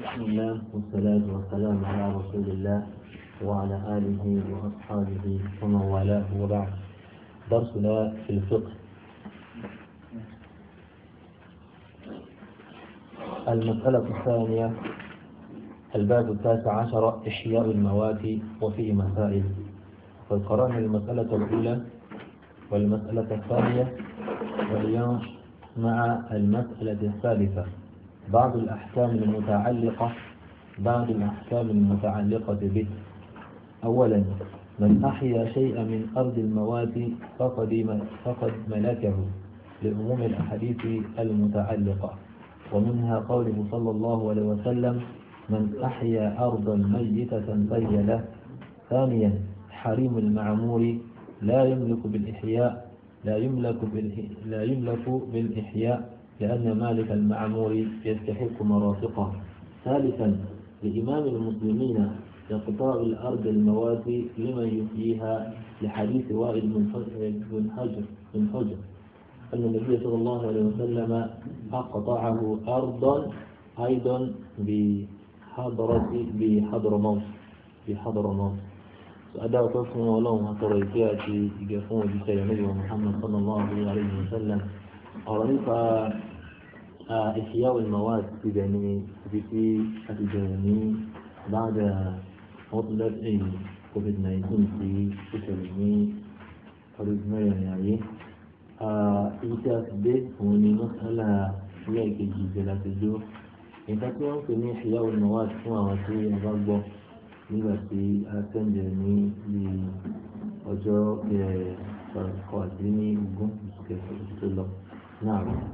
بسم الله والصلاة والسلام على رسول الله وعلى آله وأصحابه ومن والاه وبعد درسنا في الفقه المسألة الثانية الباب التاسع عشر إحياء المواد وفيه مسائل فالقرآن المسألة الأولى والمسألة الثانية واليوم مع المسألة الثالثة بعض الأحكام المتعلقة بعض الأحكام المتعلقة به أولا من أحيا شيئا من أرض المواد فقد فقد ملكه لعموم الأحاديث المتعلقة ومنها قوله صلى الله عليه وسلم من أحيا أرضا ميتة فهي له ثانيا حريم المعمور لا يملك بالإحياء لا يملك لا يملك بالإحياء لأن مالك المعمور يستحق مرافقه ثالثا لإمام المسلمين إقطاع الأرض المواسي لمن يحييها لحديث وائل بن حجر بن حجر أن النبي صلى الله عليه وسلم أقطعه أرضا أيضا بحضرة بحضرموت بحضرموت أداء قسم ولهم أتريكات يقفون بسيدنا محمد صلى الله عليه وسلم ọ̀rọ̀ nípa ìfìyàwó ìmọ̀wá ti bẹ̀ ní ibi tí a ti bẹ̀rẹ̀ ní báńdà ọ̀túnlẹ́tì covid-19 tí ó ṣẹlẹ̀ ní ọdún mẹ́rin ayé ibi tí a ti dé òun ni mọ́sálà ilé ìkejì ìbẹ̀rẹ̀ àti dúró nǹkan tí wọ́n ń pè ní ìfìyàwó ìmọ̀wá fún àwọn tí a bá gbọ́ nígbà tí a tẹ̀lé ní bíi ọjọ́ kọ̀ọ̀dínní ogún oṣù kẹfà tó lọ náà rẹ̀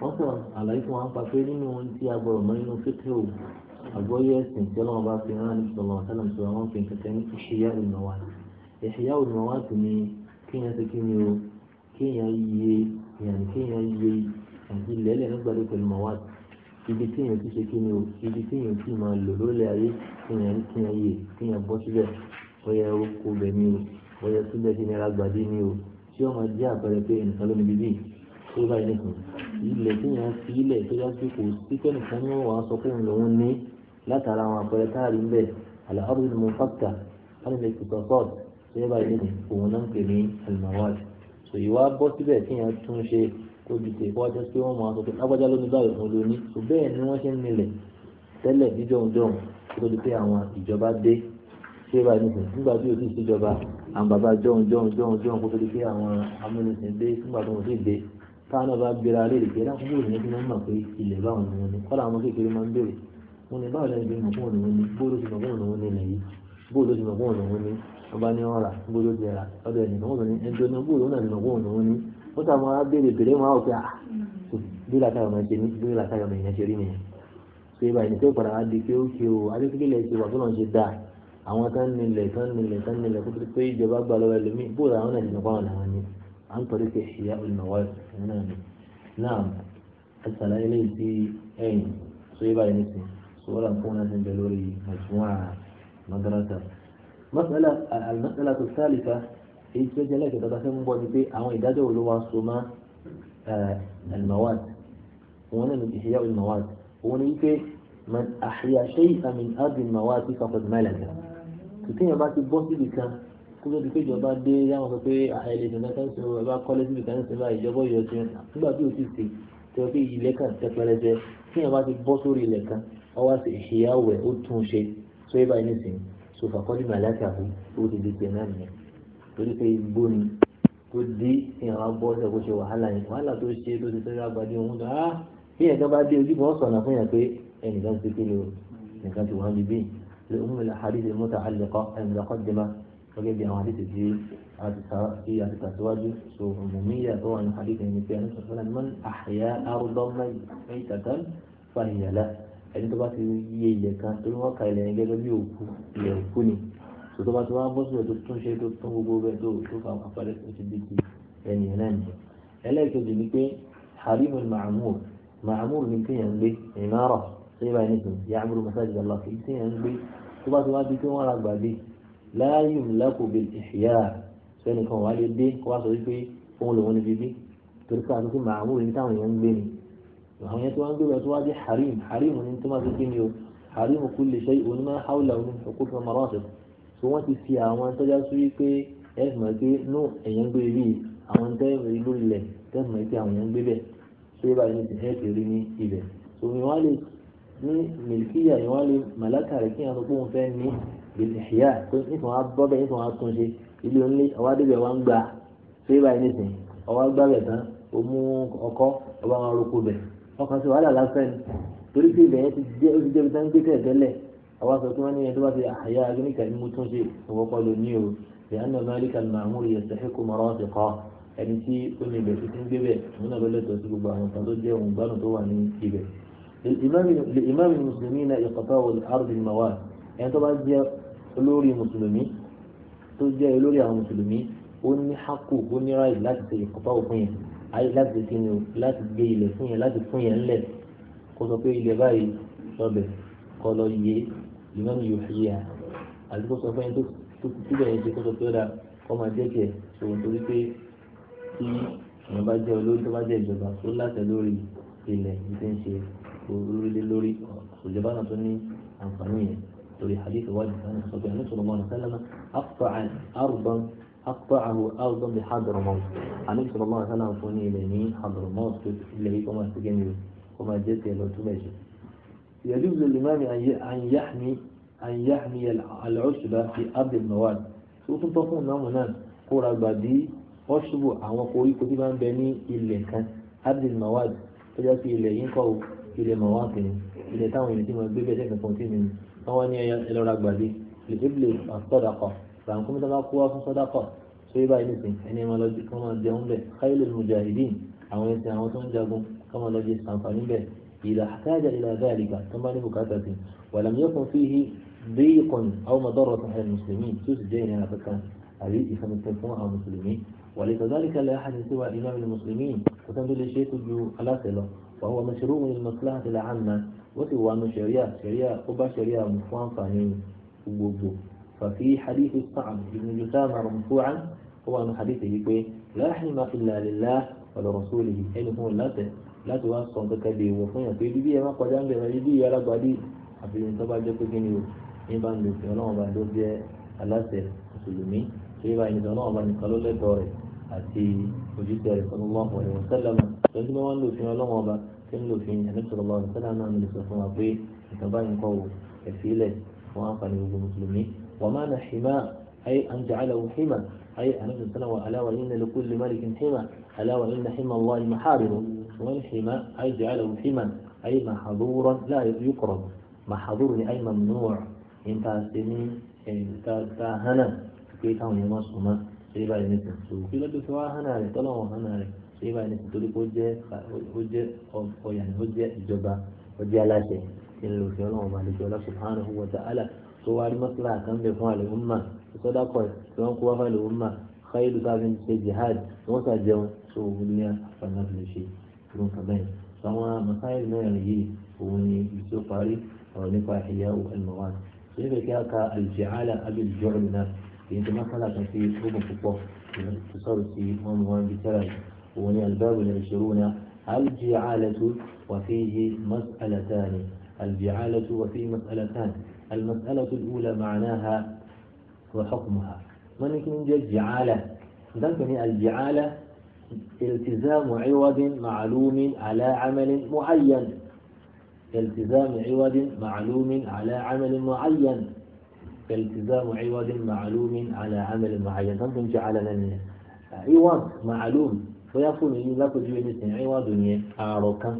wọ́n sọ àlàyé fún wa ń pa pé nínú ohun tí a gbọ́dọ̀ mọ nínú fíkẹ́ o àgbọ́yé ẹ̀sìn tí ọlọ́run bá fi rán ní sọ̀rọ̀ àtàlà sọ àwọn fi kẹ̀kẹ́ ní ìṣìyà ìnáwá ìṣìyà ìnáwá tó ní kéèyàn ti kíni o kéèyàn yé ìyàní kéèyàn yé àti ìlẹ́lẹ̀ nígbàdé pẹ̀lú mọ̀wá ibi téèyàn ti ṣe kíni o ibi téèyàn ti máa lò lórí ayé kéèyàn rí kéèyàn bọ́ síbẹ̀ bóyá ó kó bẹ̀ ní o bóyá síbẹ̀ kí tí wọ́n máa jẹ́ àpẹẹrẹ pé ẹnìkan ló níbi bíi tó báyìí nìkan ilẹ̀ tí yẹn fi ilẹ̀ tó yá sí kò sí kẹ́nìkan ní wọ́n wàá sọ pé òun lòún ní látara àwọn àpẹẹrẹ táàrí ńbẹ àlàáfíà ni mo wọn lè kùtọ sọọd tó yẹ báyìí nìkan òun náà ń pè ní alimawad so ìwà bọ́ síbẹ̀ tí yẹn tún ṣe kó ju tè kó wájú pé wọ́n máa sọ pé lágbájá ló ní báyìí òun ló ní so bẹ́ẹ̀ ni wọ́n ṣe ń nílẹ̀ tẹ́lẹ̀ níjọ́ òun dọ̀hún àwọn bàbá jọ̀hún jọ̀hún jọ̀hún jọ̀hún kó tó di pé àwọn amúnisìn dé nígbà tó wọ́n sì dé táwọn bá gbéra lè gbé lákòókò ìyẹn tí wọ́n mọ̀ pé ilẹ̀ báwọn ni wọ́n ní kọ́lá àwọn kékeré máa ń béèrè wọ́n ní báwo lẹ́yìn bí mọ̀ fún òun ní bóòlù ti mọ̀ fún òun ní ilẹ̀ yìí bóòlù ti mọ̀ fún òun ní ọba ní ọ̀rà bóòlù ti rà ọdọ ẹ̀nìyàn wọ́n ní ẹjọ́ ní bóòlù náà ti mọ̀ fún òun ní àwọn tán nílẹ̀ tán nílẹ̀ tán nílẹ̀ kó tó pé ìjọba gbà lọ́wọ́ ẹlòmíì bóòlù àwọn náà nìkan wọn làwọn ni à ń tọ́lé pé ìyá olùmọ̀wá ẹ̀sìn náà ni náà àṣàlá ilé ìdí ẹ̀yìn tó yé báyìí nìsín sọ́wọ́n là ń fún wọn láti ń bẹ lórí mọ̀júmọ́à madrasa. masala al-masala ath-thalitha èyí tó jẹ́ lẹ́kẹ̀ẹ́ tọ́ta fẹ́ ń bọ́ ni pé àwọn téèyàn bá ti bọ́ síbi kan kó ló di pé ìjọba dé yáwọn sọ pé àìlè ah, dùn náà sẹ́ńsì ọ̀rọ̀ bá kọ́lé síbi kan ṣe báyìí ìjọba yọ ti nígbà tí o ti sè tẹ́ pé ilẹ̀ kan tẹ́ pẹrẹsẹ téèyàn bá ti bọ́ sórí ilẹ̀ kan ọwọ́ sì ìṣìyàwó ẹ̀ ó tún un ṣe sọ yẹ báyìí nísìnyí sọ fàkọ́lì màláìkà fún ó ti di tiẹ̀ náà nìyẹn torí pé igbó ni tó dé èèyàn wá bọ́ ṣe kó ṣe wàhálà yẹn wàhálà tó ṣe tó ti sẹ́yìn àgbàdì ah, dé ojú لأم الأحاديث المتعلقة المتقدمة وجد عن حديث الجيل في حديث الأزواج عمومية طبعا حديث النبي صلى الله عليه وسلم من أحيا أرضا ميتة فهي له ẹni tó bá ti yé ilẹ̀ kan tó ń wọ́n ka ilẹ̀ yẹn gẹ́gẹ́ bí òkú ilẹ̀ òkú ni tó tó bá ti wá bọ́ sílẹ̀ tó tún ṣe tó tún gbogbo bẹ́ẹ̀ tó tó fa àpẹẹrẹ tó ti di ẹni ẹ̀ náà nìyẹn. ẹlẹ́ẹ̀kejì ni pé harimul ma'amur ma'amur ni kéèyàn gbé ìmárọ̀ ṣé báyìí nìkan ìyá àbúrò masáàjì lọ́la kì í sí ẹ̀ ń gbé tó bá ti wá di pé wọ́n ra gbàgbé láàyè ńláko bẹ ìṣìyà sẹ́ni kan wà lè dé kó wá sọ wípé òun lòun ní bíbí torí pé àtúntò màmúrò ní táwọn èèyàn ń gbé ni àwọn yẹn tó wá ń gbé bẹ́ẹ̀ tó wá dé harim harim ní tó máa fi gbé ni o harim kulli shay' onímọ̀ hawla onímọ̀ huquq wa maratib so wọ́n ti fi àwọn tọ́já sí wípé ẹ mọ̀ pé nù èèyàn gbé bí àwọn tẹ́ẹ̀mì lórí ilẹ̀ tẹ́ẹ̀mì pé àwọn èèyàn gbé bẹ́ẹ̀ ṣé báyìí ní ti hẹ́ẹ̀tì rí ní ibẹ̀ so ni wọ́n á lè ní mìlíkìyà yẹn wọ́n lè màláka rẹ̀ kí yẹn sọ pé òun fẹ́ ní ìlẹ̀yà pé nítorí wọn bọ́ bẹ́ẹ̀ nítorí wọn tún ṣe ilé onílé ọwọ́ adébẹ̀ wọn gbà ṣé báyìí nìsín ọwọ́ gbàgbẹ̀ tán ó mú ọkọ́ ọba wọn roko bẹ̀ ọkàn sí wàhálà lásán ni torí pé ibẹ̀ yẹn ti jẹ́ ó ti jẹ́ bí sáńgbé tẹ̀tẹ́lẹ̀ ọwọ́ sọ pé wọ́n ní yẹn bá ti àyà agbẹ́nìkà ni mo tún ṣe ìwọ́pọ̀ lò o ìyànà لإمام المسلمين إقطاع الأرض المواد يعني طبعا جاء لوري مسلمي تجا لوري على مسلمي وني حقه وني راي لا تقطاع فيه أي لا تسين لا تجيل فيه لا تفيه إلا كتب إلى باي رب قالوا يي لمن يحييها àdúgbò sọ fún yín tó túbọ̀ yẹn ti kó sọ pé ó dà kó máa jẹ́ kẹ̀ ṣòwò torí pé tí èèyàn bá jẹ́ olórí tó bá jẹ́ ìjọba tó láṣẹ lórí ilẹ̀ ìdí ń ṣe òróró lé lórí kò lè bá náà tó ní àǹfààní yẹn lórí hadith wájú sani sọ pé àmì sọ̀rọ̀ mọ́nà sálẹ́mà أقطعه أرضا بحضرموت عن صلى الله عليه وسلم فوني إلى حضرموت إلى وما سجنوا وما جت لو تمشي يجوز للإمام أن يحمي أن يحمي العشب في أرض المواد سوف تكون نمونا قرى بدي أشبو أو قوي كتبا بني إلى كان أرض المواد فجأة إلى ينقو ilẹ̀ mọ̀wáàkì ni ilẹ̀ táwọn ènìyàn tí mo gbé bẹ́ẹ̀ sẹ́kẹ̀ fún tìmí ni wọ́n wá ní ẹlọ́ra gbàdé lèkébìlè àtọ́dàkọ̀ ràǹkúmí tó bá kú wá fún sọ́dàkọ̀ tó yé báyìí nìsín ẹni máa lọ jí máa jẹun bẹ̀ káyọ̀lẹ̀ mujahideen àwọn ẹsẹ̀ àwọn tó ń jagun kí wọ́n lọ sàǹfààní bẹ̀ ìlà àtàjà ìlà dáàlìkà tó bá ní bùkátà sí wàlàm yẹkùn fíhi déyìkùn àwọn mọ̀dọ́rọ̀ tó hẹ̀ mùsùlùmí tó sì jẹ́ ìnira kankan àbí ìfẹ̀mùsẹ̀ fún àwọn mùsùlùmí wàlẹ̀ kàzálìkà lẹ́yìn àhàdìsí wa ìmáàmì mùsùlùmí kò tán tó lè ṣe é tó ju aláṣẹ lọ فهو مشروع للمصلحة العامة وسوى شريعة شريعة قبى شريعة مفوان فاهم وبوبو ففي حديث الصعب بن جثامة مرفوعا هو من حديث يقول لا حلم إلا لله ولرسوله أي هو لا لا توصل بكبي وفين في بيبي ما قد أنبه بيبي يا رب علي àfi ní tó bá jẹ́ pé kíni o ní bá ń lo òfin ọlọ́run ọba tó jẹ́ aláṣẹ mùsùlùmí tó yẹ báyìí ní ọlọ́run ọba lọ́jọ́ bá wà ń lò fún ọlọ́wọ́n ọba tí ń lò fún ẹ̀lẹ́sọ̀rọ̀ bá ọ̀sẹ̀ náà náà lè sọ fún wa pé ìtàn báyìí ń kọ́ wò ẹ̀fílẹ̀ fún àǹfààní gbogbo mùsùlùmí wà má na ṣìmá ayé àǹtí aláwọ̀ ṣìmá ayé àǹtí sọ́nà wà aláwọ̀ yín lẹ́nu kúlì málìkín ṣìmá aláwọ̀ yín na ṣìmá wà ìmọ̀ xaariru wọ́n ṣìmá ayé jẹ́ aláwọ̀ ṣìmá ayé màxadúrọ̀ láàyè yúkọ̀rọ̀ màxadúrọ̀ ni ayé mamnuwa èyí bá ní nítorí pé ó jẹ́ ó jẹ́ ọ̀yà ó jẹ́ ìjọba ó jẹ́ aláṣẹ ńlò òfin ọlọ́run máa lè jọ ọlọ́sùn subhanahu wa ta'ala tó wá rí mọ́tàlá kan bẹ̀ fún àlè umma sọ́dọ̀kọ̀ tí wọ́n kó wá fún àlè umma káyọ̀dù káfí ń ṣe jihad tí wọ́n ṣàjẹun tó wù ní àfààní àti lè ṣe irun kan bẹ́ẹ̀. àwọn masáyìí mẹ́rin yìí òun ni ìṣó parí ọ̀rọ̀ nípa ìyá al-mawad ṣé bẹ́ẹ̀ kí a ka al-ja'ala abil ju'l náà èyí tó mọ́tàlá kan sí ogun púpọ̀ ìṣòro sí wọn mú wọn bí tẹ́lẹ̀ ومن الباب العشرون الجعالة وفيه مسألتان الجعالة وفيه مسألتان المسألة الأولى معناها وحكمها من يكون جعالة ذلك الجعالة التزام عوض معلوم على عمل معين التزام عوض معلوم على عمل معين التزام عوض معلوم على عمل معين ممكن جعلنا عوض معلوم bóyá fóònù yìí lápòjú ẹni sìn ẹ̀rín wàdùn yẹn ààrọ̀ kan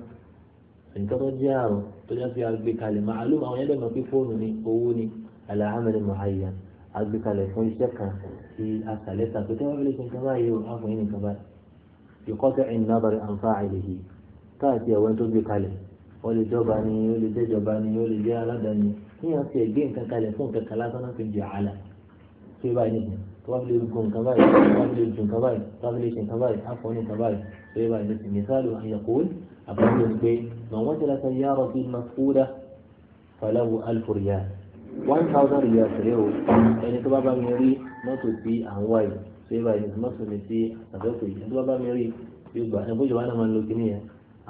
nǹkan tó jẹ́ ààrọ̀ tó jẹ́ pé agbékalẹ̀ màálùm àwọn ẹlẹ́mọ̀ pé fóònù ni owó ni alahamadu muhayyan agbékalẹ̀ fún iṣẹ́ kan ti asàlẹ́sà pé tẹ́wọ́n fẹ́lẹ́ ṣe nǹkan báyìí o àfọ̀yín nǹkan báyìí ìkọ́sẹ̀ ẹ̀yìn náà bàrẹ̀ àǹfààní lè yìí káàkiri àwọn tó gbé kalẹ̀ ó lè jọba ni ó lè jẹ́ jọba ni ó lè jẹ́ aládàáni níyàn ti ẹ̀gbẹ́ nǹkan kalẹ̀ fún nǹkan kalásán náà fi jẹ́ àlà tó báyìí nìyẹn tó bá fi lè gun nǹkan báyìí tó bá fi lè dùn nǹkan báyìí tó bá fi lè ṣe nǹkan báyìí àpò ní nǹkan báyìí tó yẹ báyìí lọ́sìn ní sáàlù àyàkóòl àbájọ ni pé màá wọ́n jẹ́ra sẹ́yìn yàrá bíi mafúdà fàlàwù alfòrìyà one thousand rìyà sẹ́yìn o ẹni tó bá bá mi rí mọ́tò sí àwọn wáyìí tó yẹ báyìí mọ́tò mi sí àtàkùn yìí tó bá bá mi rí yóò gbà ẹ̀ bójú wa náà máa ń lo kíní yẹn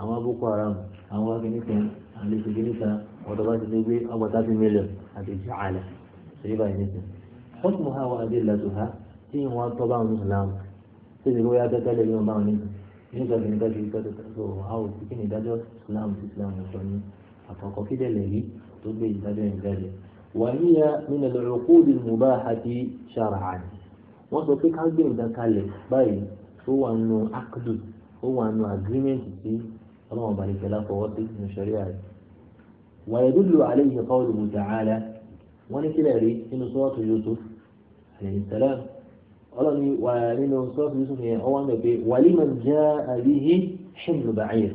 àwọn boko haram àwọn akíní kan àlejò kíní kan ọ̀dọ́ bá ti lé gbé ọgbọ̀n thirty million àti jàálẹ̀ tó yẹ báyìí nísìnyí hukmuha wa adillatuha tí wọ́n tọ́ bá wọn ìsìlámù tí ìdílé wáyà tẹ́tẹ́ lè yọ̀ bá wọn nínú nígbà tí nígbà tí nígbà tí sọ àwọn òbí kí ni ìdájọ́ ìsìlámù tí ìsìlámù sọ ní àkọ́kọ́ kí dẹ̀lẹ̀ yìí tó gbé ìdájọ́ yẹn jáde. wàhíyà nínú al-uqudi al-mubahati shar'an wọ́n sọ pé ká gbé nǹkan kalẹ̀ báyìí ó wà nù akdu ó wà nù agreement tí ọlọ́wọ́n bá lè fẹ́ láfọwọ́ sí ní sọ́ríà rẹ̀. wàyẹ̀dúlù alayhi qawluhu ta'ala wọ́n ní kílẹ̀ rí nínú sọ́ọ̀tù Yusuf alayhi salam ọlọ́ni wà nínú sọ́ọ̀tù yusuf yẹn ọwọ́ àgbẹ̀ pé wàlímọ̀ já àbíyí ṣìlù bàáyìí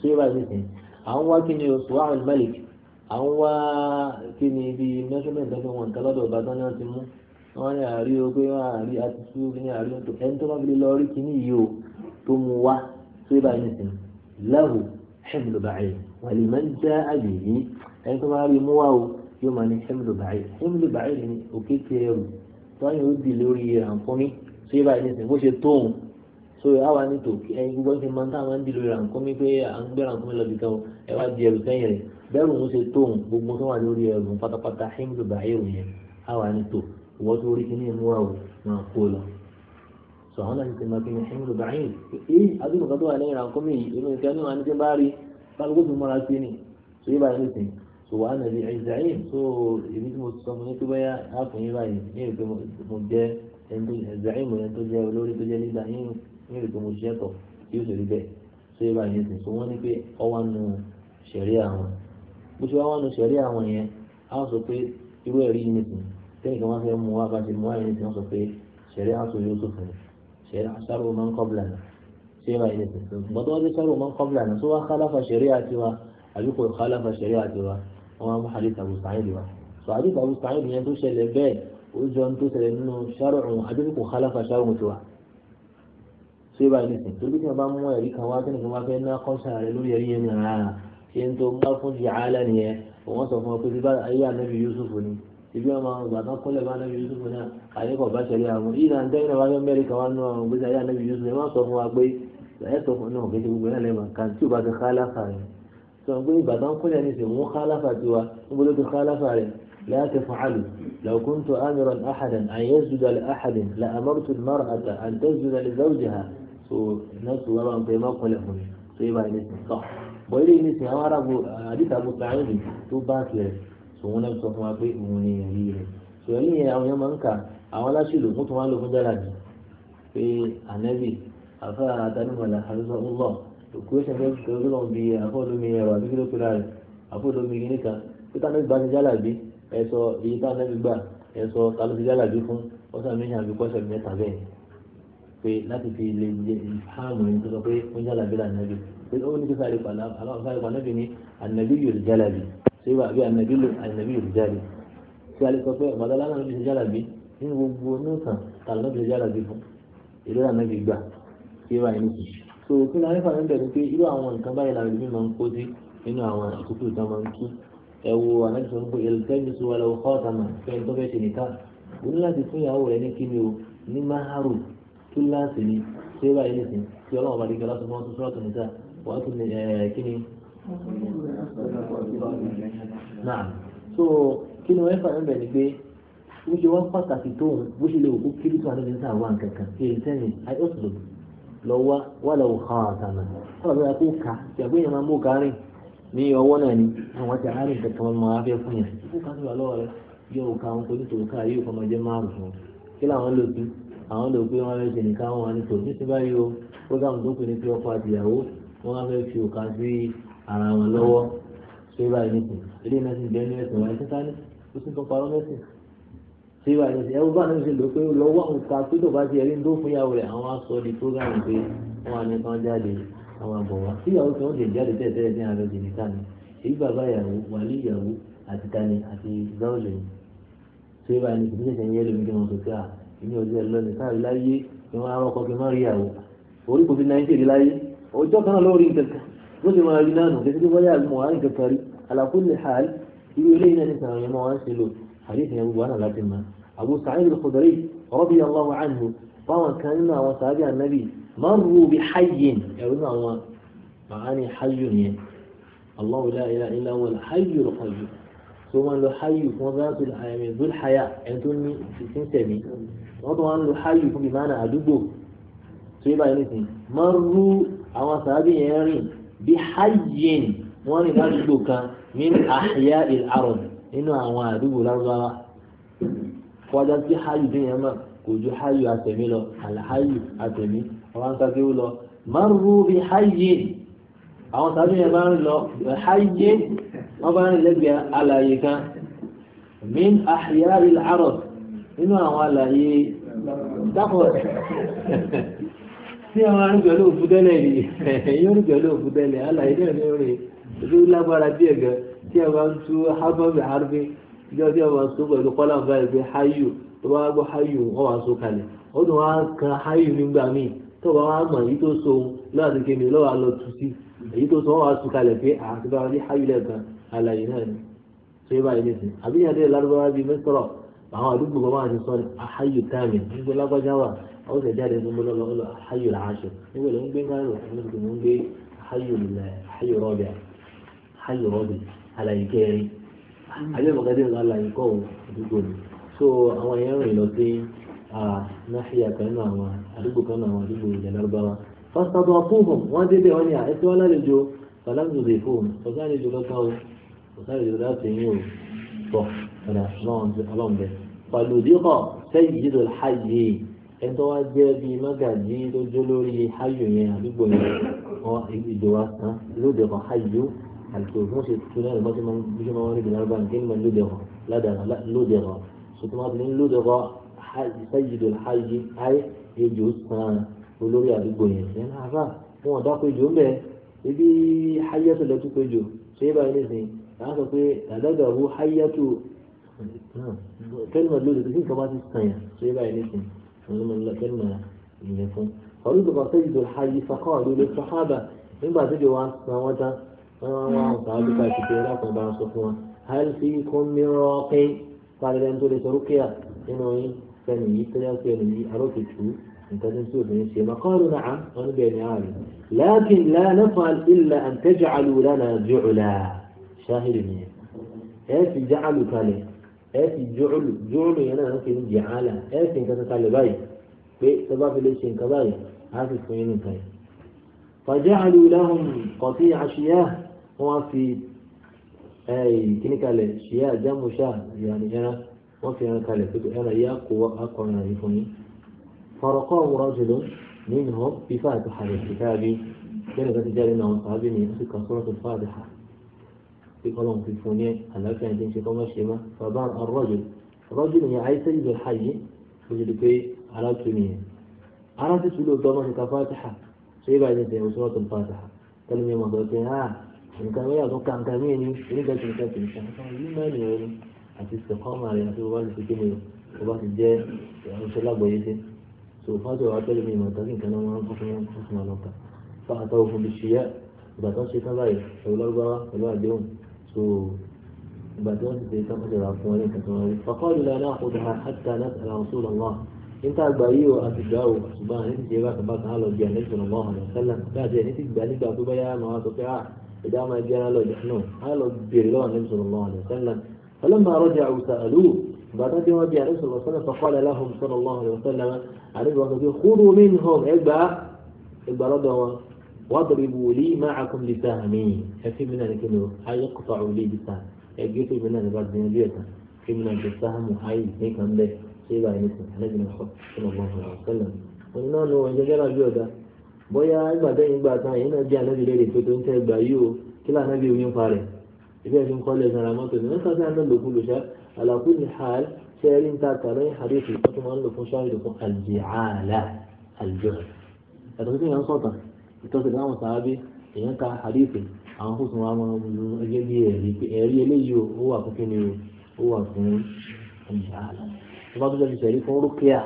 ṣé bá ti sìn àwọn wá kí ni oṣù àwọn malik àwọn wá kí ni ibi measurement tó fi wọn nǹkan lọ́dọ̀ ọba tán náà ti mú wọn ní àárí o pé wọn àárí àti tú kí ni àárí tó ẹni tó bá fi lọ rí kíní yìí o tó mu wá ṣé bá ti sìn láwù ṣìlù bàáyìí wàlímọ̀ já àbíyí ẹni tó bá rí mú wá o yóò máa ní hemlo bàáyì hemlo bàáyì ni òkè ti ẹrù tọ́yìn ó di lórí rànkúnmí tó yẹ báyìí nísìnyí bó ṣe tóun so àwa ní tòkí ẹyin gbogbo ẹni máa ń tà máa ń di lórí rànkúnmí pé à ń gbé rànkúnmí lọ bìkan o ẹ wá di ẹrù sẹ́yìn rẹ̀ bẹ́ẹ̀rù ń ṣe tóun gbogbo tó wà lórí ẹrù pátápátá hemlo bàáyì yẹn àwa ní tò wọ́n tó rí kíní ẹ̀mú wa o máa kó lọ so àwọn náà ti máa fi so wàá nàbí ẹ̀záyìn so ibi tí mo sọ mo ní pé báyà áàpù yín báyìí ní èrè pé mo jẹ ẹ̀záyìn mo yẹn tó jẹ olórí tó jẹ nígbà yín ní èrè pé mo ṣiṣẹ́ tọ̀ yóò sì rí bẹ́ẹ̀ so yẹ báyìí nìyẹn so wọ́n ní pé ọwọ́ nu ṣẹ̀rí àwọn bó ṣe wá wọ́n nu ṣẹ̀rí àwọn yẹn á sọ pé irú ẹ̀rí yìí nìsín tẹ́lẹ̀ kan wá fẹ́ mu wá bá ṣe mu wá yẹn nìsín sọ pé ṣẹ̀rí àṣọ yóò tó fún ṣẹ̀rí àṣàrò ṣẹ̀rí àtiwa àbí wọn wá mú hadith abu sa'id wa so hadith abu sa'id yẹn tó ṣẹlẹ̀ bẹ́ẹ̀ ó jọ ń tó ṣẹlẹ̀ nínú ṣárùn adébíkù khalafa ṣárùn tó wa ṣé báyìí nìsín tó bí kí wọn bá mú ẹ̀rí kan wá kí nìkan wá fẹ́ ná kọ́ńtà rẹ lórí ẹ̀rí yẹn nìyẹn rárá ah, ṣé ń tó bá fún jì áálá nìyẹn òun sọ fún ọ pé bíbá ayé ànábì yusuf ni ibi ọmọ ọgbà kan kọ́lẹ̀ bá ànábì yusuf náà àyẹ̀kọ̀ bá ṣẹlẹ̀ àwọn ìlànà ìdẹ́gbẹ̀rẹ̀ wáyé mẹ́rin kan wá nínú àwọn ayé ànábì yusuf ẹ má sọ fún wa pé ẹ̀ẹ́dọ̀fọ̀ náà kéde gbogbo náà lẹ́mọ̀ kan tí o bá ti ká lásà yẹn sọ̀rọ̀ pé ìbàdàn kúnlẹ̀ ní sèwọ́n kálàfà ti wa níbo ti kálàfà rẹ̀ láti fàcàlù làkúntù amiran axadan àyẹ̀ zuda lè axadin la amartu mara ata àǹtẹ̀ zuda lè zawjaha so nọ́ọ̀sì wa máa ń pẹ́ má kúnlẹ̀ fún mi so ìbá ní sè sọ̀ bọ̀ ilé ní sè àwọn arábù àdìsá abu sàáyìn tó bá tilẹ̀ so náà sọ fún wa pé òun ni ẹ̀rí rẹ̀ so ẹ̀rí yẹn àwọn yẹn máa ń kà àwọn aláṣẹ lò fún tó wọn lò fún jálàjì òkú ó ṣẹ̀fẹ̀ kẹrẹ́kẹ́ lọ́n bí àfọ́lómi ẹ̀rọ àbí kí ló pera kan pété anábì bá ti jálà bí ẹ sọ iye tá anábì gbà ẹ sọ ta ló ti jálà bí fún ọ̀sán méjì àbí kọ́sẹ̀ mẹ́ta bẹ́ẹ̀ pé láti fi lè jẹ ìfáàmù ẹni tó sọ pé ó jálà bí là anábì pé ó ní kí sáré pàlà sáré pàlà bí ni anábì yóò jálà bí ṣé wà bí anábì yóò jálè ṣé alẹ́ sọ pé ọ̀bàdàn lánàá so kí ni arífà níbẹ̀ ni pé irú àwọn nǹkan báyìí làwọn ìlú máa ń kó sí nínú àwọn àkókò tó máa ń kí ẹ wo anájọ pé ẹlẹtẹ́ni sọ wàlẹ̀ ọkọ ọ̀tàmà fẹ́ẹ́ tó fẹ́ẹ́ ṣe nìka o ní láti fún ìyàwó rẹ ní kíni o ní máhàrù túláàsì ni ṣé báyìí nìsín tí ọlọ́run bá dé gbọ́dọ̀ tó fọ́n tó sọ́ọ̀tù níta wàá tún kíni. náà so kí ni wọ́n fà níbẹ̀ ni pé bó ṣe wọ́n pàtàkì tóun bó ṣe lè òkú kiri tó àná lọ́wọ́ wà lọ́wọ́ kan àtàmà wọ́n lọ́wọ́ kó kà ìyàgbé yẹn máa mú kárìn ní ọwọ́ náà ni àwọn ti àárín kankan máa wá fẹ́ fún yẹn kó kà níwà lọ́wọ́ rẹ yóò ka àwọn torí tòun ká yóò fọmọ jẹ márùn fún kí làwọn lò sí àwọn lò pé wọn fẹ́ ṣe nìkan wọn ni tòun níṣẹ́ báyìí o program tó pè ní pé ọkọ àtìyàwó wọn fẹ́ fi òkà sí ara wọn lọ́wọ́ ṣé báyìí nìkan eré náà ti jẹ́ ní ẹ̀sìn wáyé tí wàá ṣe ẹ bá ní ṣe lò pé lọ́wọ́ àwọn ta pé tó bá ti ẹrí ń dó fún ìyàwó rẹ̀ àwọn aṣọ di prógámù pé wọ́n á ní kán jáde àwọn àbọ̀ wá tí ìyàwó tí wọ́n lè jáde tẹ̀tẹ̀rẹ̀ ní àlọ́ jìnnì tani èyí bàbá ìyàwó wàlí ìyàwó àti tani àti zọ́ọ̀lù yìí tí wàá ní kìí ṣẹ̀ṣẹ̀ yẹn lómi kí wọ́n sọ pé à ìní ọjọ́ ẹ lọ́ni káàrí láyé kí wọ́n á rọ́kọ kí wọ́n rí ìyàwó orí kò sí nàìjíríà láyé ọjọ́ kan náà lórí nǹkan kan bó ti máa rí náà nù kẹsíkẹ́ bọ́yá àlùmọ̀ wá nǹkan kan rí àlàkùnlé hàl irú eléyìí náà ní sàrànyẹ́mọ́ wá ṣe lò àdéhùn ẹ̀rù wà náà láti máa Abu Sa'id al-Khudri radiyallahu anhu fáwọn kan nínú àwọn sàábì ànábì marru bi hayyin ẹ̀rú náà wọn màá ní hayyu yẹn Allahu la ilaha illa huwa al-hayyu al-qayyum tó wọn lo hayyu fún ọba tó àyàmì dul haya ẹni tó ní ìsìn tẹ̀mí wọn tó wọn lo hayyu fún ìmáàna àdúgbò tó yẹ báyìí nìsín marru àwọn sàábì yẹn rìn bi hayyin wọn rìn ládùúgbò kan min ahya al-arab nínú àwọn àdúgbò lárúbáwá kọjá sí hayu bí yẹn mọ̀ kò ju hayu àtẹ̀mí lọ alhayu àtẹ̀mí àwọn akẹ́kẹ́ wò lọ márùrù bí hayi àwọn tàbí yẹn bá ń lọ hayi wọ́n bá ń lẹ́gbẹ̀ẹ́ alàyè kan min àhìyá ilẹ̀ àrọ̀ nínú àwọn alàyè dákọ̀ tí àwọn arúgbẹ̀lú òfúdẹ́lẹ̀ rí ẹ̀yìn arúgbẹ̀lú òfúdẹ́lẹ̀ alàyè náà ní orí lágbára díẹ̀ gan tí a bá ń tú hábọ́ọ̀bì harbin ìjọ tí ọmọ sọ pẹ̀lú kọ́lá nǹkan ìgbé hayu tó bá gbọ́ hayu wọ́n wá sọ kalẹ̀ ó dùn wá kan hayu nígbà míì tó bá wá mọ̀ èyí tó so òun lọ́wọ́ àti kéde lọ́wọ́ àlọ́ tù sí èyí tó so wọ́n wá sọ kalẹ̀ pé àti bá wọn ní hayu lẹ́ẹ̀kan àlàyé náà ni tó yẹ báyìí nìsín àbí yàrá lárúbáwá bíi mẹ́tọ́rọ̀ àwọn àdúgbò bàbá àti sọ́ni hayu tààmì nígbà lágbájá àbẹ̀bọ̀kẹ́ tí nǹkan àlàyé kọ́ ò àdúgbò ni so àwọn èèyàn rìn lọ sí náfíà kan náà àwọn àdúgbò kan náà àwọn àdúgbò ilẹ̀ lárúbáwá fásitì àfúnhùn wọ́n débẹ̀ wọ́n ní àìsí wọn lálejò fàlámùdè fóònù ọ̀gá àlejò lọ́kàn o ọ̀gá àlejò láti yín o pọ̀ ọ̀dà ọlọ́mọdé pàlùdíkọ̀ sẹ́yìn ìdò hajj ẹ̀ tó wá jẹ́ bí mágàjì tó jó lórí hajj yẹn àdúgbò yẹn ìdò wa tán lóde kan hajj àlùkòògùn ṣe tún náà lọ́sí máa ń bí ṣe máa ń rí ìdènà bá nǹkan máa ń lóde ọ̀hún ládàá lóde ọ̀hún sọtún máa ti ní lóde ọ̀hún sáyidò ayé ayé ejò san olórí àdúgbò yẹn yẹn náà fà fún ọ̀dà péjò ń bẹ ebi hayatu lẹ́tú péjò ṣé é báyìí nìsín àwọn sọ pé àdágbà wo hayatu kẹ́lìmọ̀ lóde tó kí nǹkan bá ti sàn yẹn ṣé é báyìí nìsín kẹ́lìmọ̀ ìyẹn fún. ọ̀rọ̀ ìgbà sáyidò ayé fakọ́ àdúgbò sọ́hábà nígbà tó آه، آه. آه. هل فيكم من راق قال لم تولي إيه؟ نعم. قالوا نعم أنا بيني عالي لكن لا نفعل إلا أن تجعلوا لنا جعلا شاهد مني إيه في جعلوا كالي إيه في جعلوا جعلوا ينا نفي من جعالا إيه في كتا كالي باي في سباب ليشين كباي هاتف كوينين كاي فجعلوا لهم قطيع شياه Eh, wọ́n fi kíní kalẹ̀ ṣe àjámúṣà ìyàní ẹran wọ́n fi ẹran kalẹ̀ pé ẹran yìí àkó akọrin rẹ̀ fún yín. fọ̀rọ̀kọ́ ọ̀wọ́rọ̀ jùlọ nínú hàn fífà àti na kíkàbí lẹ́nu kan ti jáde náà wọn sàábì ní oṣù kan sọ́rọ̀ tó fà ha pé ọlọ́run fi fún yẹn àlàáfíà ti ṣe kọ́mọ́ ṣe má bàbá arọ́jù rọ́jù nìyẹn ìlú pé nǹkan ní yàtọ̀ kàǹkàn ní ẹni oníkà tí nǹkan tí nǹkan nǹkan ní mẹ́rin rẹ ni àti sèkọ́mà rẹ àti bàbá ti kéde o bàbá ti jẹ́ ìránṣẹ́ lágbọ̀ọ́yé sí so fásitì wàá tẹ́lẹ̀ mi ìmọ̀ tàbí nǹkan náà wọ́n fún fún fún wọn lọ́kà fáta òfin bí ṣiyá ìgbà tó ń ṣe tán báyìí pẹ̀lú lọ́gbàwá pẹ̀lú àdéhùn so ìgbà tó ń ṣe tán fọ́jọ́ ra fún wọn nǹkan tó wọn rí. fàkọ́ọ̀lù la náà kó dáa hàtà láti ara ọ̀ṣun lọ́wọ́ níta àgbà yìí o àti gbà o ṣùgbọ́n àní ti ṣe bákan bákan á lọ di àlejò lọ́wọ́ àlọ́ sẹ́lẹ̀ ìdá máa jẹ́ ara lọ́jọ́ náà á lọ bèrè lọ́wọ́ ní sallallahu alaihi wasallam falamma raja'u sa'aluhu bàtà tí wọ́n bí àrẹ sọ̀rọ̀ sọ́nà faqala lahum sallallahu alaihi wasallam àrẹ wọn sọ pé khudhu minhum ẹgbà ẹgbà lọ́dọ̀ wọn wadribu li ma'akum lisahmi ẹfí mi náà ní kí ni o ayé kọfà òlì bìtà ẹgbẹ́ fún mi náà ní bá dín bí ẹ̀ta fún mi náà ní sáhàmù ayé ní kan bẹ́ẹ̀ ṣé báyìí ní sọ̀rọ̀ alẹ́ bóyá ìgbà tẹ́yìn gbà tán èyí náà jẹ́ ànábì léde pé tó ń tẹ́ gbà yìí o kí lóò ànábì omi ń pa rẹ̀ ìbí ẹ̀fín kọ́lẹ̀ sara mọ́tò ní mẹ́ta sáà náà lòkú lòṣà àlàkù ní hàl ṣe ẹ̀rí ń ta àtàrà ní àdéhùn tó tún máa ń lò fún ṣáàrì fún àlìyàlá àlìjọ́rẹ̀ yàtọ̀ sí èèyàn sọ̀tàn ìtọ́sẹ̀ láwọn sàábé èèyàn ka àdéhùn àwọn fúnṣun wa máa ń lu ẹgbẹ́ bí ẹ̀rí pé ẹ̀rí eléyìí ó wà fún kíni ó wà fún àlìyàlá tó ti sẹ̀rí fún rúkìá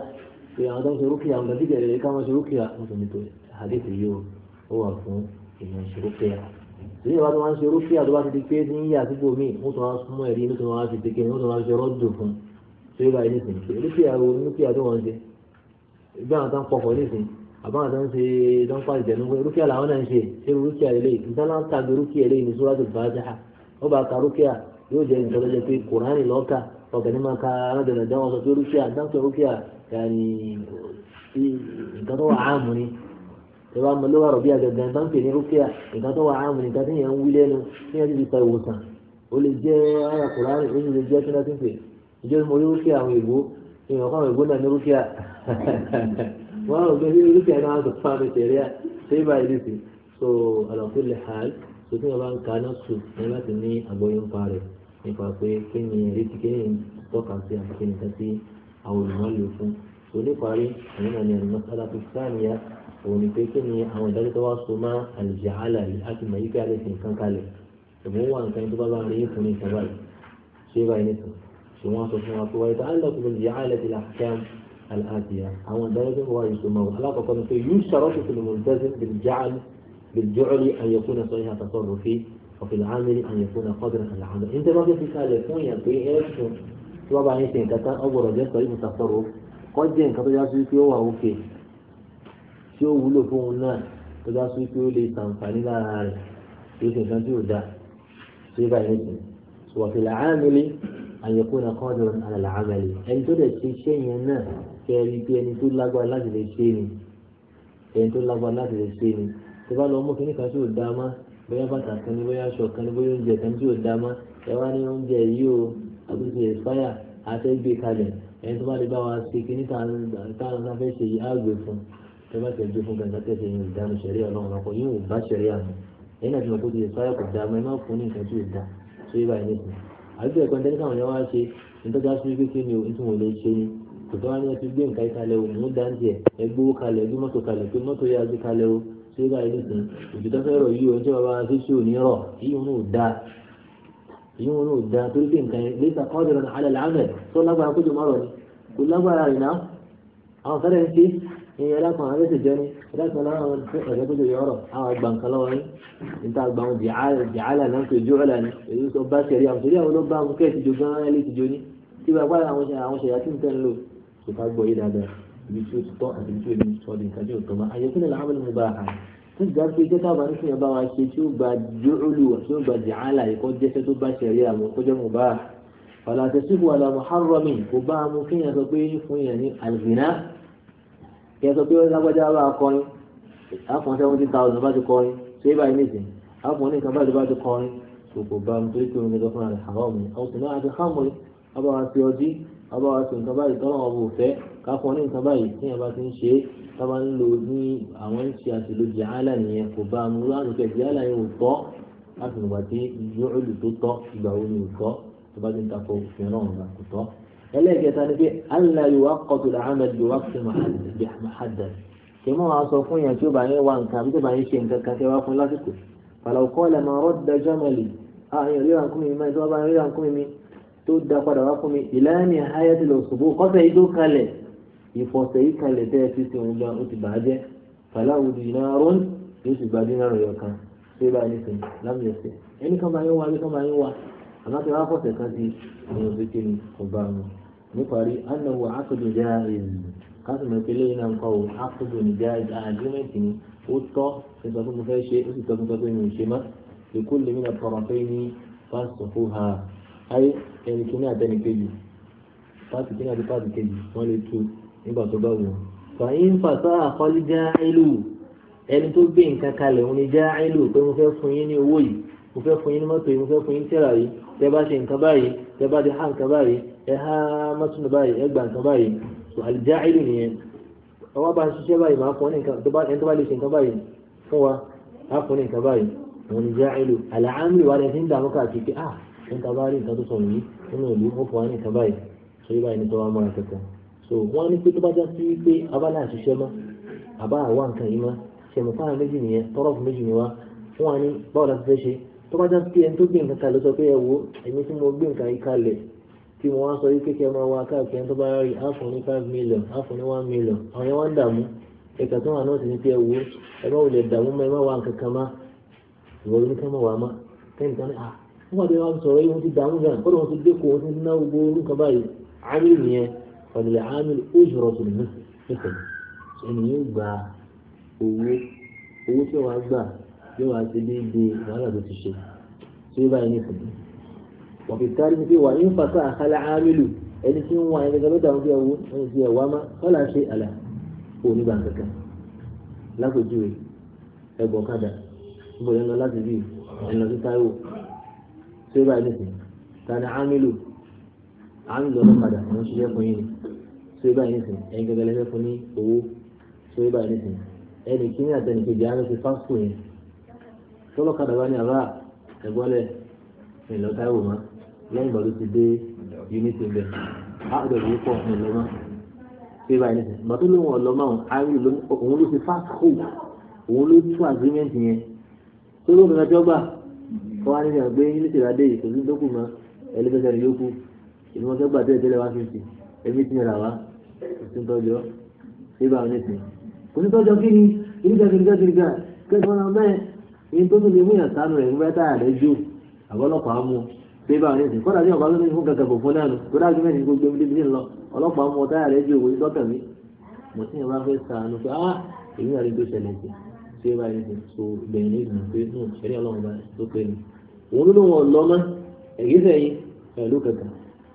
pé àwọn tó ń ṣe rúkìá nǹkan tí kẹ̀rẹ̀ ká ṣe rúkìá ó sì ní tó yẹ àdéhùn yìí ó wà fún èèyàn ìṣerúfẹ́ torí ìwà tó máa ń ṣe rúfíà tó bá ti di pé ní yíyà àdúgbò míì wọ́n tó máa ń mú ẹ̀rí inú tó máa ń fi dèké wọ́n tó máa ń ṣe rọ́dù fún tó yẹ báyìí nísìnyí pé rúfíà wo rúfíà tó wọ́n ń ṣe bí àwọn tó ń pọkọ̀ nísìnyí àbáwọn tó ń ṣe tó ń pàṣẹ tẹnu pé rúfíà làwọn náà ń ṣe ṣé rúfíà lélẹ̀ ìtàlá ń tàgbé rúfíà lélẹ̀ ní sóràtò bàjá ó bá ka rúfíà yóò jẹ́ nǹkan tó jẹ́ pé kùránì lọ́ọ̀kà ọ̀gá ní máa ka aládàáda wọn sọ pé rúfíà dáńtọ̀ rúfíà yàní nǹkan tó wà áàmù ni ẹ wá mọ ló wà rọ̀ bí àgàgà tó ń pè ní rúkìá nǹkan tó wà áàmù nǹkan tó yẹn ń wí lẹ́nu tí yẹn ti fi ta ìwòsàn ó lè jẹ́ àyà kùránì ó sì lè jẹ́ kí wọ́n ti pè ìjọ mo rí rúkìá àwọn èèbó èèyàn kọ́ àwọn èèbó náà ní rúkìá wọ́n rò pé nínú rúkìá náà sọ fún àwọn ìṣẹ̀rí à ṣé ibà yìí sì so àlọ́kù lè ha so tí wọ́n bá ń ka náà sùn ní láti ní àgbọ̀yọ̀ ńpa rẹ̀ nípa pé kí ni èrí ti kí ni tọ́ka sí àbíkí nìkan sí àwọn òun ni pé kí ni àwọn ìdájọ́ tó wá so má àlùjáhálà yìí á ti mọ̀ yíká lè fi nǹkan kalẹ̀ òun wà nǹkan tó bá bá rí fún ní ìtàn báyìí ṣé báyìí nìkan ṣé wọ́n sọ fún wa pé wáyé tó á lọ́kùn lè jẹ́ àlẹ́ ti là kẹ́m àlàáfíà àwọn ìdájọ́ tó wá yìí so má alákọ̀ọ́kọ́ ni pé yóò ṣàrọ́ tuntun ní mọ̀lẹ́sìn بالجعل أن يكون صحيح تصرفي وفي العامل أن يكون قدرا على العمل أنت ما في كالة فون يبقى إيش طبعا أنت kọ́ jẹ́ رجل tó yá قد ينكتب ó wà ó أوكي tí ó wúlò fóun náà tó bá sún pé ó lè sàǹfààní lára rẹ̀ tí ó sì nǹkan tí ò dáa tí ó bá yẹn sìn wàfẹ̀ làámìlì àyẹ̀kún náà kọ́ dọ̀rọ̀ àlà làámìlì ẹni tó dẹ̀ ṣe iṣẹ́ yẹn náà kẹrí bí ẹni tó lágbára láti lè ṣe ni ẹni tó lágbára láti lè ṣe ni tó bá lọ mú kíní kan tí ò dáa má bóyá bàtà kan ní bóyá aṣọ kan ní bóyá oúnjẹ kan tí ò dáa má ẹ wá ní oúnjẹ yìí o àbúrò ẹ̀fáyà àtẹ́gbẹ́ kalẹ̀ ẹni tó bá lè bá wa ṣe kíní táwọn afẹ́ ṣe yìí á gbé fún un tó bá tẹ̀ gbé fún gangan tẹ̀sẹ̀ yín ìdáhùn ṣẹ̀rí ọlọ́run ọkọ̀ ò bá ṣẹ̀rí àná ẹ̀yìn àti mọ̀kó ti lè sọ ayọ̀kọ̀ dáa ẹ má fún ní nǹkan tí ò da tó yé báyìí nìkan àbí ẹ̀kọ́ ní tẹ́lifíṣàn yẹn wá ṣe nítọ́já sí wípé ni o nítorí wọn lè ṣe ni kò tó wá ní ẹtí gbé nǹkan kalẹ̀ o mú dáńtì ẹ̀ ẹ gbówó kalẹ̀ gbé mọ́tò kalẹ̀ pé mọ́tò yá gbé kalẹ̀ o ẹ̀rọ kan àwọn ẹ̀sìn jẹ́ ní ẹ̀rọ kan láwọn ẹ̀jẹ̀ tó jẹ́ ọ̀rọ̀ àwọn àgbà nǹkan lọ́wọ́ yín níta àgbà wọn jàálà náà pé ojú ọ̀là ni èyí tó bá ṣẹ̀rí àwọn torí àwọn ló bá àwọn kẹ́ẹ̀tì jo gan ẹ̀lẹ́ ti jo ní tí bàbá àwọn ṣẹ̀yà tí ń tẹ́ ń lò kò bá gbọ́ yé dáadáa ibi tí ó ti tọ́ àti ibi tí ó ní sọ di nǹkan tí ó tọ́ ma làwọn mú bá a tí ìgbà jẹ́ káwọn ní fìyàn bá wa ṣe tí ó gba jòlù tí ó gba jàálà ẹ̀kọ́ jẹ́sẹ́ tó bá ṣẹ̀rí àwọn kọjọ́ mú bá a ọ̀là àtẹ̀síwò àlà kò bá a mú fìyàn sọ pé fún yẹn ní alìfínà kí ẹ sọ pé lágbájá bá kọrin àfọ̀n seventy thousand bá ti kọrin tó yẹ báyìí nìsín àfọ̀n ní nǹkan báyìí bá ti kọrin kò bá mi torí pé omi lọ fúnra rẹ̀ àwọn mi àwọn sìnà àti hàmùrì ọba wa fi ọdí ọba wa fi nǹkan báyìí tọ́lọ́ ọba òfẹ́ káfọ́n ní nǹkan báyìí tí yẹn bá ti ń ṣe é tábà ń lò ní àwọn ń ṣe àṣìlò jàálà nìyẹn kò bá mi wọ́n àtúntò jàálà yẹn ò tọ́ láti nígbà tí yóò lù tó tọ́ ìgbà wo ni ò tọ́ tó bá ti ń takò òfin ọlọ́run ọba tọ́ ẹlẹ́ẹ̀kẹta ni pé allah yorùbá kọtùlà ahmed yorùbá fi mahadà kí mo máa sọ fún yàn tí ó bá yẹn wá nǹkan àbí tó bá yẹn ṣe nǹkan kan tí wá fún lásìkò fàlọ́ kọ́ lẹ̀ máa rọ́ da jamali àyàn ríra nkúmi mi máa tí wọ́n bá ríra nkúmi mi tó da padà wá fún mi ìlànà ayé ti lọ ṣubú kọ́sẹ̀ yìí tó kalẹ̀ ìfọ̀sẹ̀ yìí kalẹ̀ tẹ́ ẹ ti ti òun gan ó ti bàá jẹ́ fàlọ́ àmọ́ tí wọ́n á fọ̀sẹ̀ kan sí ní ojú kí ni kò bá wọn. níparí anáwó akéde jẹ́ èyí kásìmọ̀ ìpínlẹ̀ yìí náà ń kọ́ o akéde ní jẹ́ agreement ni ó tọ́ nípa pé mo fẹ́ ṣe ó sì tọ́ nípa pé mi ò ṣe mọ́ èkó lè mí lọ́pọ̀rọ̀ pé ní pásítọ̀ fún ha ayé ẹni kí ní àtẹni kejì pásítọ̀ kí ní àti pásítọ̀ kejì wọ́n tu nígbà tó bá wọn. fàyín fàṣà àkọ́lé jẹ́ ẹni tó gbé nǹkan kalẹ̀ òun ni jẹ́ pé mo fẹ́ fún yín ní owó yìí mo fẹ́ fún yín ní mọ́tò yìí mo fẹ́ fún yín ní tẹ́lá yìí tẹ bá ṣe nǹkan báyìí tẹ bá ti há nǹkan báyìí ẹ há mọ́tún báyìí ẹ gbà nǹkan báyìí sọ àlìjá ìlú nìyẹn ọwọ́ bá ń ṣiṣẹ́ báyìí máa fún ẹni tó bá lè ṣe nǹkan báyìí fún wa á fún ní nǹkan báyìí òun ni já ìlú àlàámì wa lẹ́sìn dààmú káàkiri pé ah nǹkan bá rí nǹkan tó sọ̀rọ̀ yìí nínú ìlú ó fún wa ní nǹkan báyìí sọ yìí báyìí ní tọ́wọ́ mọ́ra kankan so wọ́n ní pé tó bá já sí pé abala àṣiṣẹ́ mọ́ àbá àwa nǹkan yìí mọ́ ṣe méjì nìyẹn tọ́rọ̀ fún méjì ni wa fún wa ní báwo la ti fẹ́ ṣe tó bá já sí ẹni tó gbé nǹkan kalẹ̀ sọ pé ẹ wo èmi tí mo gbé nǹkan yìí tí mo wá sọ yìí kékeré máa wá káàkiri ẹni tó bá rí àfọ̀ ní five million àfọ̀ ní one million àwọn yẹn wá ń dààmú ẹ̀ka tó wà náà sì ní pé ẹ wo ẹ má wulẹ̀ dààmú mọ́ ẹ má wá nǹkan kan má ìwọ ló ní ká má wá má kẹ́ni kan ní à ah, wọ́n wà bí wọ́n sọ̀rọ̀ yìí wọ́n ti dààmú gan kọ́ ló ti dé kó wọ́n ti ní yóò wá sí déédéé wàhálà tó ti ṣe tó yóò báyìí nìkan wàfi kárí ní pé wà ní fasa àkàlà ámìlù ẹni tí ń wá ẹni gẹ́gẹ́ dàrú bí ẹwọ ẹni tí ẹwà má kọ́là ṣe àlà kò ní gbàǹkankan lápèjúwe ẹgbọ̀n kádà níbo ẹni lọ láti bí ẹni lọ sí táíwò tó yóò báyìí nìkan tani ámìlù ámìlù ọlọ́kadà ẹni ṣiṣẹ́ fún yín ni tó yóò báyìí nìkan ẹni gẹ́gẹ́ lẹ́fẹ́ ní owó ẹni kíní tọ́lọ́kadà bá ní àbá ẹ̀gbọ́lẹ̀ ìlọ táìwò mọ́ lẹ́yìn ìgbà ló ti dé unity bẹ̀ áàdọ̀ yìí pọ̀ ìlọ mọ́ ṣé báyìí nìkan ìgbà tó lóun ọ̀lọ́ mọ́ òun ló ti fast hope òun ló tú agreement yẹn tó lóun ìrìnàjò gbà wọ́n á níyàn gbé unity ládé yìí kò sí dókù mọ́ ẹlẹ́gbẹ̀sẹ̀ yókù ìmọ̀ọ́sẹ̀ gbà tẹ́lẹ̀ tẹ́lẹ̀ wá fífi ẹ̀mí ti yàrá wá ìtúntọ́jọ́ ṣé báyìí nìkan kò ní kí ni ìrìnàjò kìrìkà kìrìkà kẹ́kọ̀ọ́ ní tó tún lè mú ìyàn sánú rẹ̀ nígbà táyà rẹ̀ jò àbọ̀lọ́pàá mú pé báwọn ní ìsìn kọ́dà bí ọ̀gá lónìí fún kankan kò fún náà nù tó dájú mẹ́rin gbogbo ẹbí níbi lọ ọlọ́pàá mú táyà rẹ̀ jò òun dọ́kàn mi mo ti yàn bá fẹ́ sànù pé ah èmi àrí tó ṣẹlẹ̀ sí tí bá yẹn ti so bẹ̀rẹ̀ ní ìgbà pé nù hmm, ṣẹlẹ̀ ọlọ́run bá tó pé ni òun ló lóun ọ̀lọ́ mọ́ ẹ̀gẹ́sẹ̀ yìí pẹ̀lú kankan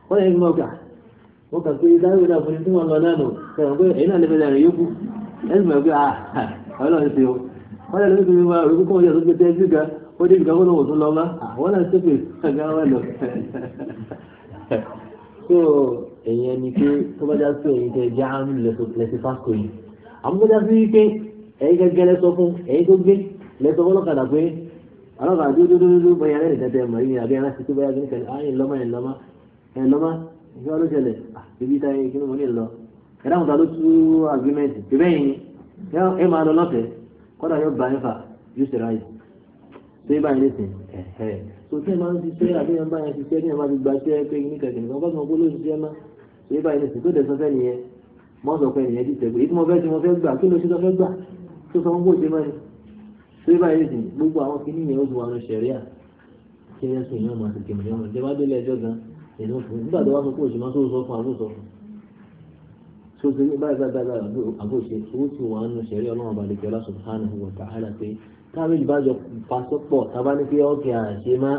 wọ́n yẹ kí wọ́n kà wọ́n kà pé dáwọ́ dà fún mi tí wọ́n lọ náà nù wọ́n yẹ lóṣù mímọ́ òrùkú kọ́ ọjọ́ tẹ́ sí kan ó dé ìgbàgbọ́ náà wòtún lọ́mọ àwọn náà ṣépè ṣàgá wà lọ. so ẹ̀yin ẹni pé tó bá já sí ẹ̀yin tẹ já ń lẹ́sí fásitì yìí àmọ́ sí pé ẹ̀yin gẹ́gẹ́ lẹ́sọ fún ẹ̀yin tó gbé lẹ́sọ fún pé ọlọ́kadà tó bẹ́yà lẹ́yìn tẹ́tẹ́ mọ̀ àbí aláṣẹ tó bẹ́yà gẹ́gẹ́ ẹ̀yin lọ́mọ ẹ̀yin lọ́mọ ẹ̀yin lọ́mọ ìṣẹ́ kọ́dà yóò bá yín fà yóò ṣe ráyè tó yẹ báyìí lẹ́sìn ẹ̀ẹ́ tó tẹ́ máa ń ṣiṣẹ́ àbí ẹ̀ ń báyìí ṣiṣẹ́ ní ẹ̀ máa ti gba iṣẹ́ pé ní kẹ̀kẹ́ nìkan bá sọ pé ló ṣiṣẹ́ má tó yẹ báyìí lẹ́sìn tó dẹ̀ sọ́fẹ́ nìyẹn mọ́ sọ pé nìyẹn dìtẹ̀ pé èyí tí mo fẹ́ tí mo fẹ́ gbà kí ló ṣe tó fẹ́ gbà tó sọ fún bóṣe mọ́ni tó yẹ báyìí lẹ́sìn gbogbo àwọn kìíní yẹn ó ti wà ní ṣẹ̀ríà kí ẹ sùn yẹn máa ti kìnnìyàn mọ̀ tó ti ní báyìí báyìí báyìí àbòṣe owó tí wọn nu ṣẹlẹ̀ Ọlọ́run àbàlẹkẹ ọlá subhanahu wa ta'ala pé táwọn ìbájọ pasọpọ tábà ní pé ọkẹ àṣẹ má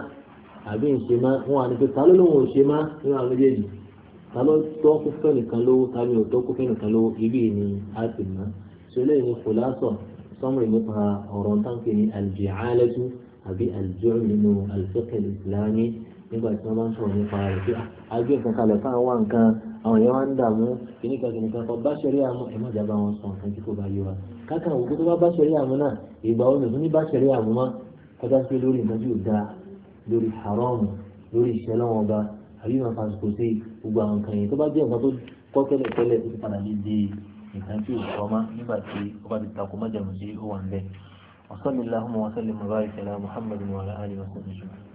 àbí ń ṣe má wọn àní pé ta ló lóun ò ṣe má nínú àwọn méjèèjì ta ló tọ́ kó fẹ́ nìkan lówó ta ni ò tọ́ kó fẹ́ nìkan lówó ibi ni a ti mọ ṣẹlẹ ní kòlásọ sọmọlẹ nípa ọ̀rọ̀ táǹkì ní al àbí al nínú al-fiqh nígbà tí wọn bá ń sọ̀rọ̀ nípa rẹ̀ ah, àwọn èèyàn wá ń dààmú kìnnìkan kìnnìkan kan bá ṣẹlẹ̀ àmú ẹ má jábá wọn sọ nǹkan tí kò bá yé wa káàkà òkú tó bá bá ṣẹlẹ̀ àmú náà ìgbà wo nìkan ní bá ṣẹlẹ̀ àmú mọ kọjá sí lórí nǹkan tí ò dáa lórí haramu lórí ìṣẹ́ lọ́wọ́ ọba àbí màá fàṣikò sí gbogbo àwọn nǹkan yẹn tó bá jẹ́ nǹkan tó kọ́ tẹ́lẹ̀tẹ́lẹ̀ tó ti padà lè di nǹkan tí ò kọ́ nígbà tí ó bá ti takò má jẹun ó wà ń bẹ́ẹ̀ وصلى اللهم وسلم